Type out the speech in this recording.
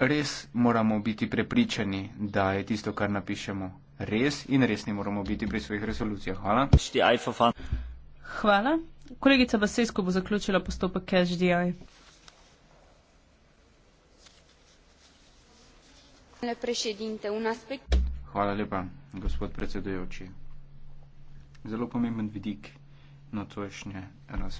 res moramo biti prepričani, da je tisto, kar napišemo, res in res ne moramo biti pri svojih resolucijah. Hvala. Hvala. Kolegica Basesko bo zaključila postopek HDI. Hvala lepa, gospod predsedujoči. Zelo pomemben vidik nocojšnje razprave.